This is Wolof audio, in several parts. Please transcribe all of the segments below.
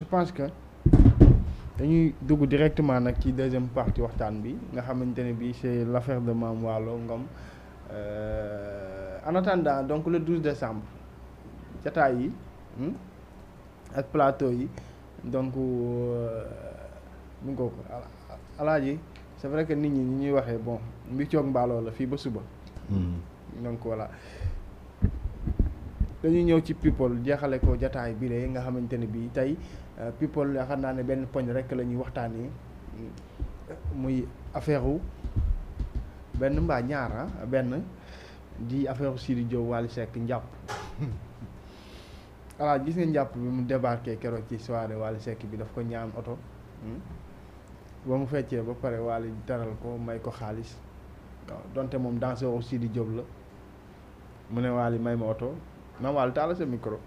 je pense que dañuy dugg directement nag ci deuxième partie waxtaan bi nga xamante ne bii c'est l'affaire de Mame Wallo Ngom euh, en attendant donc le 12 décembre jataay yi hmm, ak plateau yi donc mu euh, yi alaaji c'est vrai que nit ñi ñi ñuy waxee bon mbi coog mbaaloo la fii ba suba hmm. donc voilà dañuy ñëw ci people jeexale ko jataay bi de nga xamante ne bii tey euh, people yaakaar naa ne benn poñ rek lañuy ñuy waxtaanee mm, muy affaire wu benn mbaa ñaara ah, benn di affaire u Sidi Diop Wally Seck njàpp voilà gis nga njàpp bi mu débarqué keroog ci soirée Wally Seck bi daf ko ñaan oto mm, ba mu feccee ba pare Wally taral ko may ko xaalis donte moom danseur u Sidi Diop la mu ne Wally may ma oto Mame Waly taalal sa micro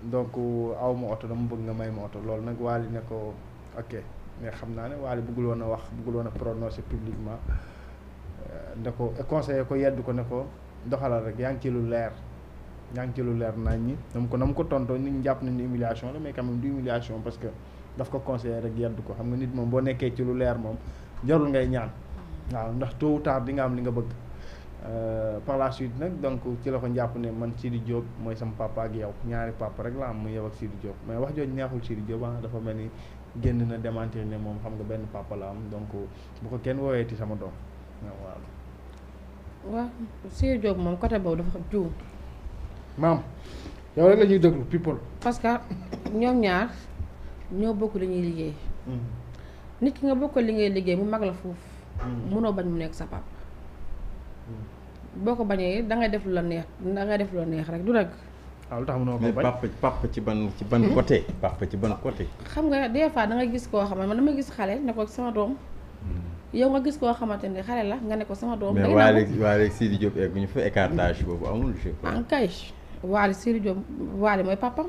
donc aw ma oto dama bëgg nga may ma oto loolu nag li ne ko ok mais xam naa ne Waly bëggul woon a wax bëggul woon a prononcer publiquement ne euh, ko conseiller ko yedd ko ne ko doxalal rek yaa ngi ci lu leer yaa ngi ci lu leer nañ ñi dama ko na mu ko tontoo nit ñi jàpp nañ ne humiliation la mais quand même du humiliation parce que daf ko conseiller rek yedd ko xam nga nit moom boo nekkee ci lu leer moom jarul ngay ñaan mm. waaw ndax tôt nga am li nga bëgg euh, par la suite nag donc ci la ko njàpp ne man Sidi Diop mooy sama papa ak yow ñaari papa rek la am muy yow ak Sidi Diop mais wax jooju neexul Sidi Diop ah dafa mel ni génn na démentir ne moom xam nga benn papa la donc bu ko kenn wooweeti sama doom ah, waaw. waaw Sidi Diop côté boobu dafa xam juum. maam yow rek la ñuy déglu people. parce que ñoom ñaar ñoo bokk lañuy ñuy liggéey. Hmm. nit ki nga bokkal li ngay liggéey mu mag la foofu. Hmm. munoo bañ mu nekk sa papa. Hmm. boo ko bañee da ngay def la neex da ngay def lu la neex rek du dëgg. waaw ah, lu tax munoo ko bañ mais papa ci ban ci ban côté. papa ci ban côté. xam nga des fois da gis koo xam ne man dama gis xale ne ko sama doom. Hmm. yow nga gis koo xamante ne xale la nga ne ko sama doom. mais waaye waaye Sidi Diop egg ñu fa écartage boobu amul. je crois en kay waale Sidi Diop waale mooy papam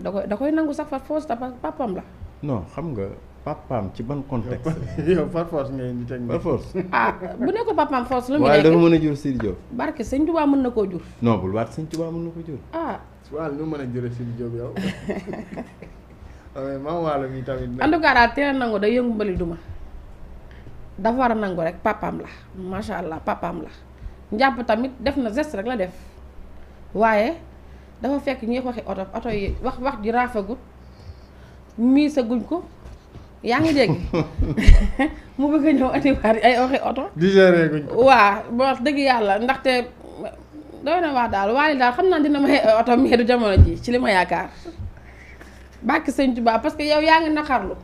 da koy da koy nangu sax fa foos papam la. non xam nga. papaam ci ban contexte. yow par force ngay di teg par force. ah bu ne ko force lu mu nekk dafa mën a jur Sidi Diop. barke sëñ Tuubaa mën na koo jur. non bul waat sëñ mën na ko jur. ah waaw nu mu mën a jure Sidi Diop nangu day yëngu mbali duma. dafa war a nangu rek papaam la macha allah papaam la njàpp tamit def na geste rek la def waaye dafa fekk ñuy waxi oto oto yi wax wax ji raafagut miisaguñ ko. yaa ngi dégg mu bëgg a ñëw andiwaat ay waxi oto. digéré guñ ko waaw boo wax dëgg yàlla ndaxte doy na wax daal waaye daal xam naa dina may oto mais du jamono ji ci li ma yaakaar bàkki sëñ Tuubaa parce que yow yaa ngi naqarlu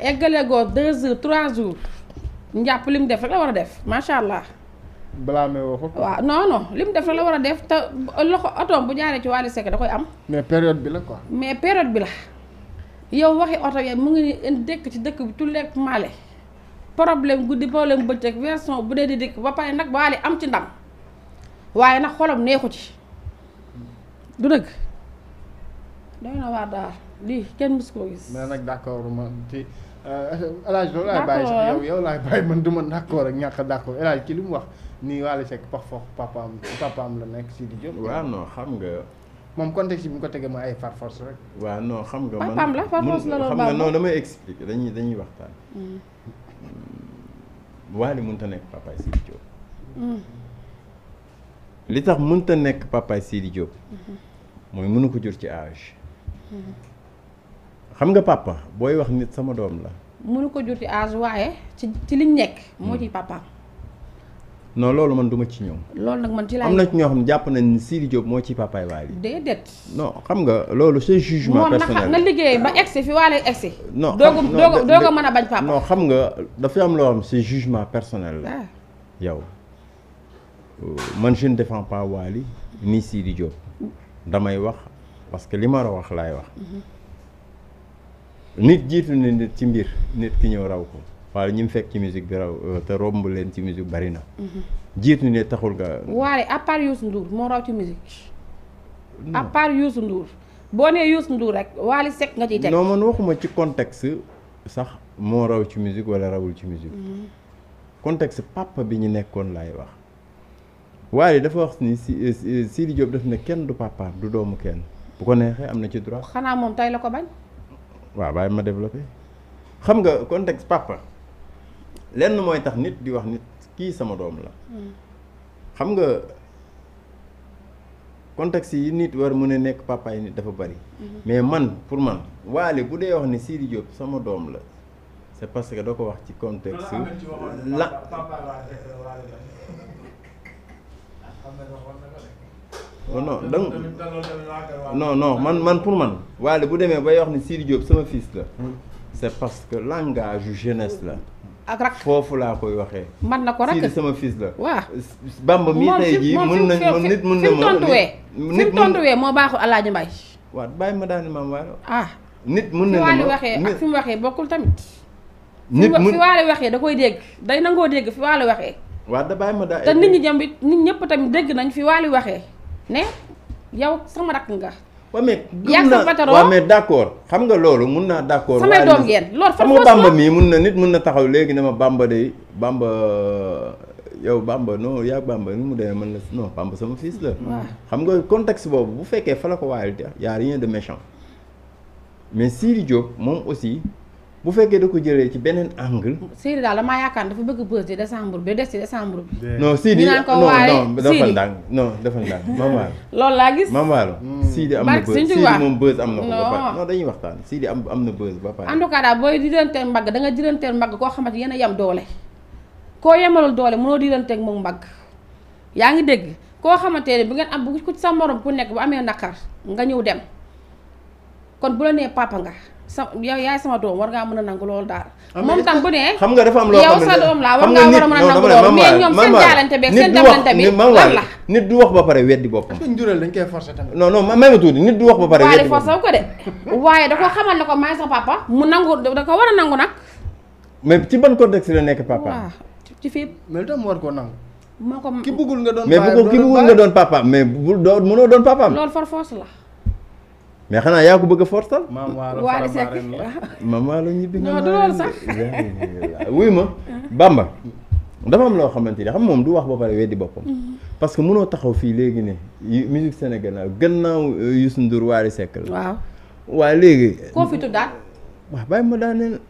eggale goo deux heures trois jours njàpp li mu def rek la war a def macha allah. blâmé woo ko. waaw non non li mu def rek la war a def te loxo otoom bu jaaree ci Wally Seck da koy am. mais période bi la quoi. mais période bi la. yow waxi oto ya mu ngi dëkk ci dëkk bi tulleeg maale problème guddi problème bëccëg version bu dee di dikk ba pare nag waale am ci ndam waaye nag xolam neexu ci du dëgg doy ni waar daal lii kenn mës koo gis. mais nag d'accord ma ci euh, El Hadj loolu laay bàyyi sax yow yow laay bàyyi man du ma d'accord ak ñàkk a d'accord ci li mu wax nii Wally Seck parfois papaam papaam la nekk si di jëm. waaw non xam nga. moom contexte bi ñu ko tegee mooy ay par force rek. waa non xam nga man la par force la xam nga non damay expliquer dañuy dañuy waxtaan. Mm. Mm, Wally mënta nekk papaay mm. li tax mënta nekk sii di Diop. Mm-hmm. mooy mënu ko jur ci age mm-hmm. xam nga papa booy wax nit sama doom la. mënu ko jur ci âge waaye ci ci liñ nekk. moo ci papaam. non loolu man du ma ci ñëw. loolu nag man ci laay am na ci ñoo xam ne jàpp nañ ni Sidi Diop moo ci papaay Wally. déedéet. non xam nga loolu c'est jugement personnel moom na a doog xam nga dafay am loo xam c'est la. Ah. yow euh, man je ne défends pas ni Sidi Diop damay wax parce que li ma la wax laay wax. Mhm. nit jiitu na nit ci mbir nit ki ñëw raw ko. waaye ñi mu fekk ci musique bi raw euh, te romb leen ci musique bari na. Mhm. jiitu ne taxul nga. waaye à part Youssou Ndour moo raw ci musique. à part Youssou Ndour. boo nee Youssou Ndour rek Wally Seck nga ciy teg. non man waxuma ci contexte sax moo raw ci musique wala rawul ci musique. Mhm. contexte pàppa bi ñu nekkoon lay wax. waaye dafa wax ni si euh, euh, Sidi Diop daf ne kenn du papaam du doomu kenn bu ko neexee am na ci droit. xanaa moom tey la ko bañ. waaw bàyyi ma développé. xam nga contexte papa. lenn mooy tax nit di wax nit kii sama doom la hmm. xam nga contexte yi nit war mu ne nekk papa yi nit dafa bari hmm. mais man pour man waale bu dee wax ne Sidi Diop sama doom la c'est parce que doo ko wax ci contexte la euh, oh non non non non man man pour man waale bu demee bay wax ne Sidi Diop sama fils la hmm. c'est parce que langage jeunesse la ak rak foofu laa koy waxee. man na ko rak Sidi sama fiis la. waa bamba mii tey jii mën na nit mën na ma nit mu tontuwee moo baaxul Alaaji Mbaye. waaw bàyyi ma daani maam waalo. ah nit mun na ma waxee ak fi mu waxee bokkul tamit. nit mu fi waale waxee da koy dégg day nangoo dégg fi waale waxee. waaw da bàyyi ma daa te nit ñi jambit nit ñëpp tamit dégg nañ fi waali waxee ne yow sama rak nga waa mais gëm naa waaw mais d'accord xam nga loolu mun naa d'accord. samay doom ngeen loolu fan xam nga bamba mii mun na nit mun na taxaw léegi dama bamba de bamba yow bamba non yaa bamba ni mu demee man la non bamba sama fils la. xam nga context boobu bu fekkee fa la ko waayal te y a rien de méchant mais Siri Diop moom aussi. bu fekkee da ko jële ci beneen angle. Sidi daal damaa yaakaar dafa bëgg bës di décembre bi des ci décembre bi. non Sidi ñu naan ko waaye non non dafa ndànk non dafa ndànk mamaalo. loolu laa gis mamaalo. Hmm. Sidi am na bës moom am na ko ba pare non dañuy waxtaan Sidi am am na bës ba pare. en tout cas daal booy di jëlanteel mbagg da nga jëlanteel mbagg koo xamante yéen a yem doole koo yemalul doole mënoo di jëlanteeg moom mbagg yaa ngi dégg koo xamante ne bu ngeen am bu ko sa morom ku nekk bu amee naqar nga ñëw dem kon bu sa yow yaay sama doom war ngaa mën a nangu loolu daal ah, moom tam bu ne xam nga dafa am loo yow sa doom laa war ngaa war a mën a nangu loolu mais ñoom seen jaalante beeg seen demlante bi lan la nit du wax ba pare weddi boppam suñ jural dañ koy forcer tamit non non may ma tuuti nit du wax ba pare weddi boppam forcer ko de waaye da ko xamal ne ko maay sa papa mu nangu da ko war a nangu nag mais ci ban contexte la nekk papa waaw ci fii mais lu tax mu war koo nangu moo ko ki bëggul nga doon mais bu ko ki bëggul nga doon papa mais bu doo mënoo doon papaam loolu force la mais xanaa yaa ko bëgg a fortal. maam waa maam waalo ñibbi nga. non loolu sax wuy ma Bamba. dafa am loo xamante ni xam moom du wax ba pare weddi boppam. Mm-hmm. parce que mënoo taxaw fii léegi ne musique sénégalaise gannaaw euh, Youssou Ndour Wally Seck la. waaw waaye léegi. koo fi tuddaat. waaw bàyyi ma daaneel.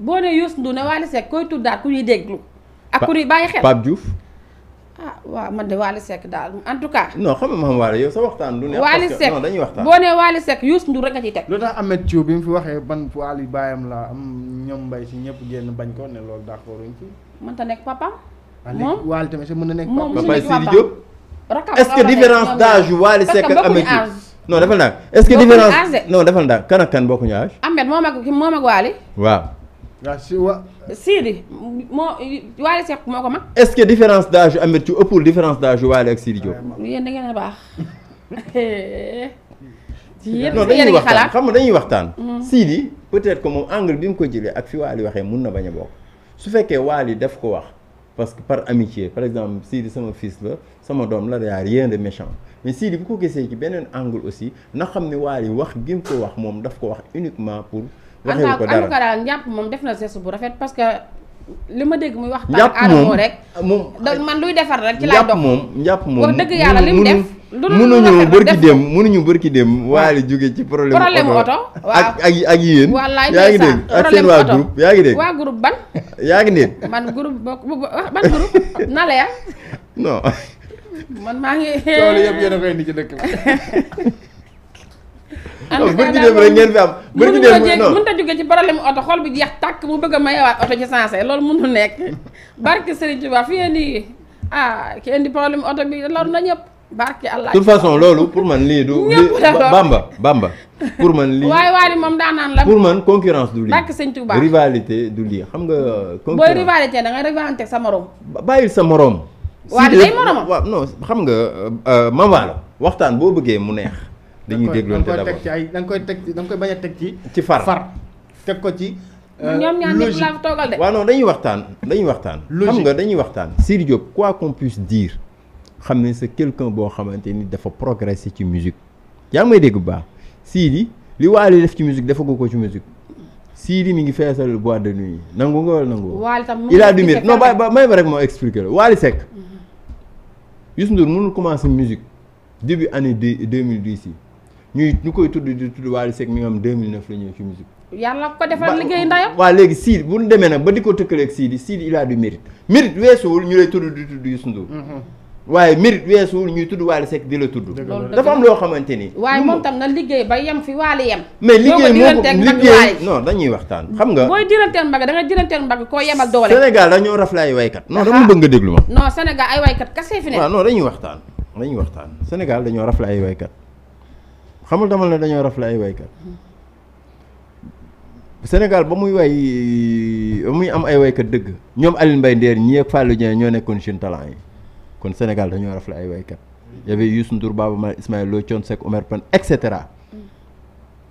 boo nee Youssou Ndour ne Wally Seck koy tuddaat ku ñuy déglu. ak ku ñuy bàyyi xel ah waaw man de Waly Seck daal en tout cas. non xam nga yow sa waxtaan du ne. Waly Seck non dañuy waxtaan boo nee Waly Seck Youssou Ndour rek nga ciy teg. lu tax Ameth Thiou bi mu fi waxee ban Waly baayam la am ñoom mbay si ñëpp génn bañ ko ne loolu d'accord ñu ci. mën ta nekk papaam. Ah, moom Waly tamit mën na nekk papaam moom Mbaye Sidi Diop. rakam est-ce que différence d'âge yu Waly Seck ak Ameth Thiou defal naa est-ce que différence non defal naa kan ak kan bokkuñu âge. Ameth moom ak moom ak Waly waaw. waaw si wa. Sidi moo Wally Seck moo ko mag. est-ce que différence d'âge yu Ameth ci ëppul différence d'âge yu Wally ak Sidi Diop. yéen da ngeen a baax. yéen non dañuy waxtaan xam nga dañuy waxtaan. Mm. Sidi peut-être que moom angle bi mu ko jëlee ak fi Wally waxee mun na bañ a bokk su fekkee Wally daf ko wax. parce que par amitier par exemple Sidi sama fils la sama doom la yaa rien de méchant mais di bu ko gisee ci beneen angle aussi na xam ne Wally wax gi mu ko wax moom daf ko wax uniquement pour. waxewu ko dara en tout njàpp moom def na geste bu rafet parce que li ma dégg muy wax. njàpp moom rek. Ah, moom man luy defar rek ci laay dox. moom njàpp moom wax dëgg yàlla li mu def. mënuñu bërki dem mënuñu bërki dem waali jóge ci problème problème oto ak ak ak yéen yaa ngi dégg ak seen waa groupe yaa ngi dégg waa groupe ban yaa ngi dégg man groupe ah, ban groupe na la ya non man maa ngi loolu yëpp yéen a koy indi ci bi non bëri na rek ngeen fi am. bëri na ngeen non mënut a ci problème oto xol bi jeex tàkk mu bëgg ma mayewaat oto ci sensé loolu mënul nekk barke Serigne Touba fi indi ah ki indi problème oto bi lor na ñëpp. barke Allah de façon loolu pour man lii du. bamba bamba pour man lii waay waay moom daan naan la. pour man concurrence du lii. barke Serigne Touba rivalité du lii xam nga. concurrence booy rivalité da nga rivalité sa morom. bàyyil sa morom. si waaw day xam nga euh, euh, Mame waxtaan boo bëggee mu neex. dañuy dégloonte d'abord da nga koy ci ay da nga koy teg da nga koy bañ a teg ci. ci far far teg ko ci. Euh, ñoom ñaar ñëpp laa toogal de. waaw dañuy waxtaan dañuy waxtaan. xam nga dañuy waxtaan. Sidy Diop quoi qu'on puisse dire xam ne c'est quelqu'un boo xamante ni dafa progressé ci musique yaa ngi may dégg bu baax Sidy li Waly def ci musique dafa ko ci musique Sidy mi ngi feesal bois de nuit nangu nga wala nangu. Waly tam il a du mérite ba may ba rek moo expliqué la Waly Seck. Mhm. Youssou Ndour commencé musique début année deux mille dix yi. ñuy ñu koy tudd di tudd Wally Seck mi nga xam 2009 la ñëw ci musique. yàlla ko defal liggéey ndayam. waaw léegi Sidi bu ñu demee nag ba di ko tëkkaleeg Sidi Sidi il a du mérite mérite weesuwul ñu lay tudd di tudd Youssou Ndour. Mm-hmm. waaye mérite weesuwul ñuy tudd Wally Seck di la tudd. dafa am loo xamante ni. waaye moom tam na liggéey ba yem fi Wally yem. mais liggéey moo liggéey non dañuy waxtaan xam nga. booy diranteel mbagg da nga diranteel mbagg koo yemal doole. Sénégal dañoo rafle ay waykat. non dama bëgg nga déglu ma. non Sénégal ay waykat kese fi ne. waaw non waxtaan Sénégal dañoo rafle ay waykat xamul dama ne dañoo rafle ay waykat Sénégal ba muy way ba muy am ay waykat dëgg ñoom Alioune Mbaye Nder ñii ak Fallou ñoo nekkoon Jeunes Talents yi kon Sénégal dañoo rafle ay waykat y avait Youssou Ndour Baaba Maal Ismaël Lo Thione Seck Oumar Pène et cetera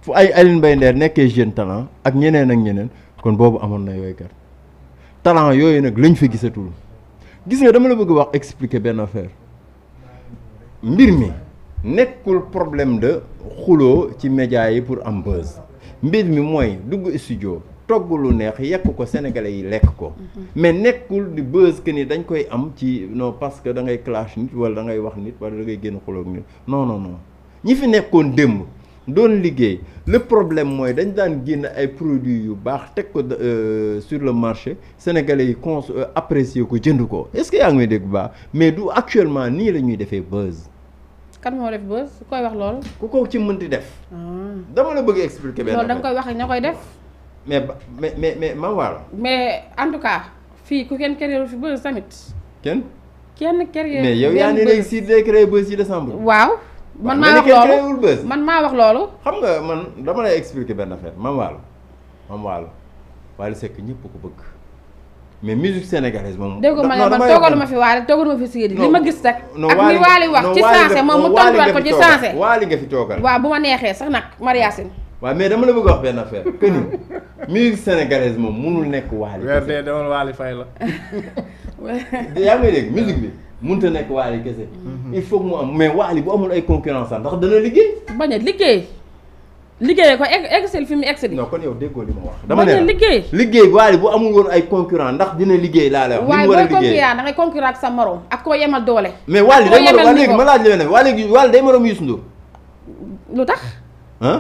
fu ay Alioune Mbaye Nder nekkee Jeunes Talents ak ñeneen ak ñeneen kon boobu amoon nay waykat talent yooyu nag lañ fi gisatul gis nga dama la bëgg wax expliquer benn affaire mbir mi. nekkul problème de xuloo ci média yi pour am buzz mbir mi mooy dugg studio togg lu neex yekk ko sénégalais yi lekk ko mhm. mais nekkul di buzz que ni dañ koy am ci no parce que da ngay clash nit wala da ngay wax nit wala da ngay génn xuloog nit non non non ñi fi nekkoon démb doon liggéey le problème mooy dañ daan génn ay produits yu baax teg ko euh, sur le marché sénégalais yi cons euh, apprécier ko jënd ko est-ce que yaa ngi may dégg bu baax mais du actuellement nii la ñuy defee buzz kan moo def buzz ku koy wax loolu. ku ko ci mënti def. Ah. dama la bëgg a expliquer. benn loolu da koy wax ak ña koy def. mais ba mais mais mais Mame mais en tout cas fii ku kenn créé fi buzz tamit. kenn. kenn créé mais yow yaa si day créé buzz ci décembre. waaw man maa wax loolu man maa wax loolu. xam nga man dama lay explique benn affaire Mame Wallo Mame Wallo Wally Seck ñëpp ko bëgg. mais musique sénégalaise moom. dégg ne man toogaluma fi waale toogaluma fi Sidi li ma gis rek. ak waali wax ci sensé moom mu tontuwaat ko ci sensé. waali nga fi toogal waaw bu ma neexee sax nag Mariasin. waaw mais dama la bëgg wax benn affaire que ni musique moom munul nekk waali. weer dee demoon waali fay la. yaa ngi dégg musique bi mënut nekk waali kese. Mm-hmm. il faut que mu am mais waali bu amul ay concurrence sax ndax dana liggéey. bañ a liggéey. liggéeyee ko egg fi mu egg di. non kon yow déggoo li ma wax. dama ne liggéey liggéey waaye bu amul woon ay concurrent ndax dina liggéey laa la wax. li a liggéey waaye da ngay concurrent ak sa morom ak koo yemal doole. mais Wally day morom waa léegi ma laaj la ne waa léegi Wally day lu tax.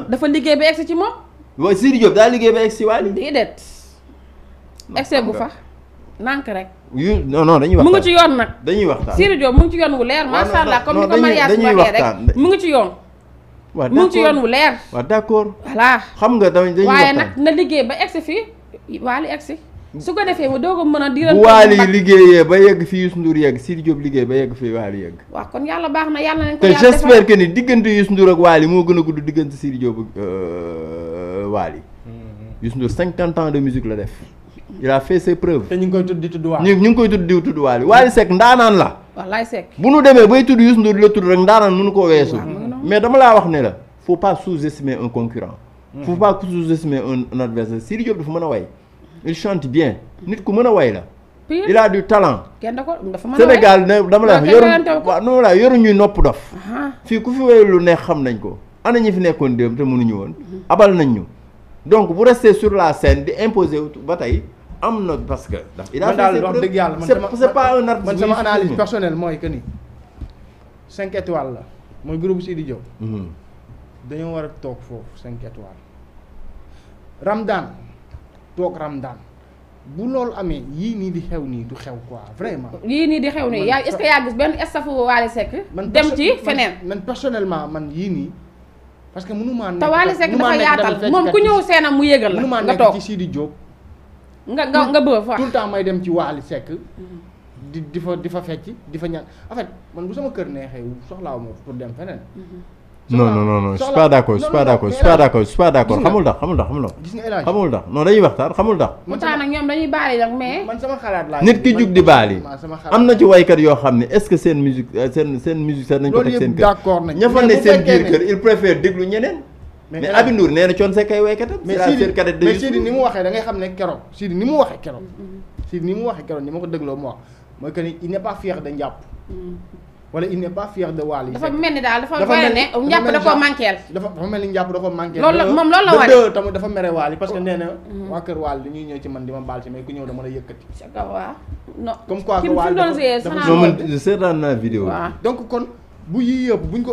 dafa liggéey ba egg ci moom. waaw Sidi Diop daa liggéey ba egg si Wally. déedéet. excès bu fa nànk rek. yu non non dañuy waxtaan mu ngi ci yoon nag. dañuy waxtaan Sidi Diop mu ngi ci yoon wu leer. macha allah comme ni ko Marias waxee rek mu ngi ci yoon waaw mu ngi ci yoon leer. waaw d'accord voilà. xam nga dañ dañuy waaye nag na liggéey ba egsi fii waali egsi su ko defee mu doog a mën a di bu waali liggéeyee ba yegg fi ndur Ndour si Sidi Diop liggéey ba yegg fi waali yegg waa kon yàlla baax na yàlla nañ ko te j'espère que ni diggante Youssou Ndour ak waali moo gën a gudd diggante Sidi Diop ak euh, waali mm-hmm. Youssou Ndour cinquante ans de musique la def il a fait ses preuves. te ñu ngi koy tudd di tudd waali ñu ngi koy tudd tudd waali waali Seck ndaanaan la wallaay Seck bu nu demee bay tudd Youssou Ndour la tudd rek ndaanaan nu ko weesu mais dama laa wax ne la foo pas sous-estimer un concurrent. faut pas sous-estimer un adversaire Sidy Diop dafa mën a way. il chante bien nit ku mën a way la. il a du talent. kenn da ko dafa mën a Sénégal dama la wax yoru waaw noonu laa yoru ñuy nopp dof. fii ku fi way lu neex xam nañ ko. ana ñu fi nekkoon démb te mënuñu woon. abal nañ ñu. donc bu rester sur la scène di imposer ba tey am na parce que. il a daal dëgg yàlla man c'est pas un artiste man sama analyse personnelle mooy que ni cinq étoiles la. mooy groupe Sidi Diop. Mhm. dañoo war a toog foofu cinq étoiles. Ramadan toog Ramadan bu loolu amee yii nii di xew nii du xew quoi vraiment. yii nii di xew nii yaa est-ce que yaa gis benn staff Wally Seck. man dem ci feneen man personnellement man yii nii. parce que mënu maa nekk te Wally Seck dafa yaatal moom ku ñëw seenam mu yégal la. nga toog mënu maa nekk nga nga nga bëgg fa tout le may dem ci Wally Seck. Mhm. di di fa di fa fecc di fa ñaan en fait man bu sama kër neexee soxlaaw ma pour dem feneen. non non non non je suis pas d'accord je suis pas d'accord je d'accord je d'accord xamul dañuy waxtaan xamul ndax. man sama nag ñoom dañuy baali nag mais. laa di baali. am na ci waykat yoo xam ne est-ce que seen musique euh, seen seen musique sax nañ ko teg seen kër. nee na coon sekk ni mu waxee da ngay xam ne keroog Sidi ni mu waxee keroog mm-hmm. Sidi ni mu waxee keroog ni ma ko dégloo mu wax mooy que ni pas fier de njàpp. Mm. wala il pas fier de Wally Seck. dafa mel ni daal dafa mel ne njàpp da koo dafa mel ni njàpp da koo manqué. la moom loolu la wane ba tamit dafa mere Wally parce que oh. nee mm-hmm. waa kër Wally dañuy ñëw ci man di ma baal ci mais ku ñëw dama la yëkkati. comme quoi que Wally dafa dafa seetaan naa vidéo donc kon bu yii yëpp buñ ko.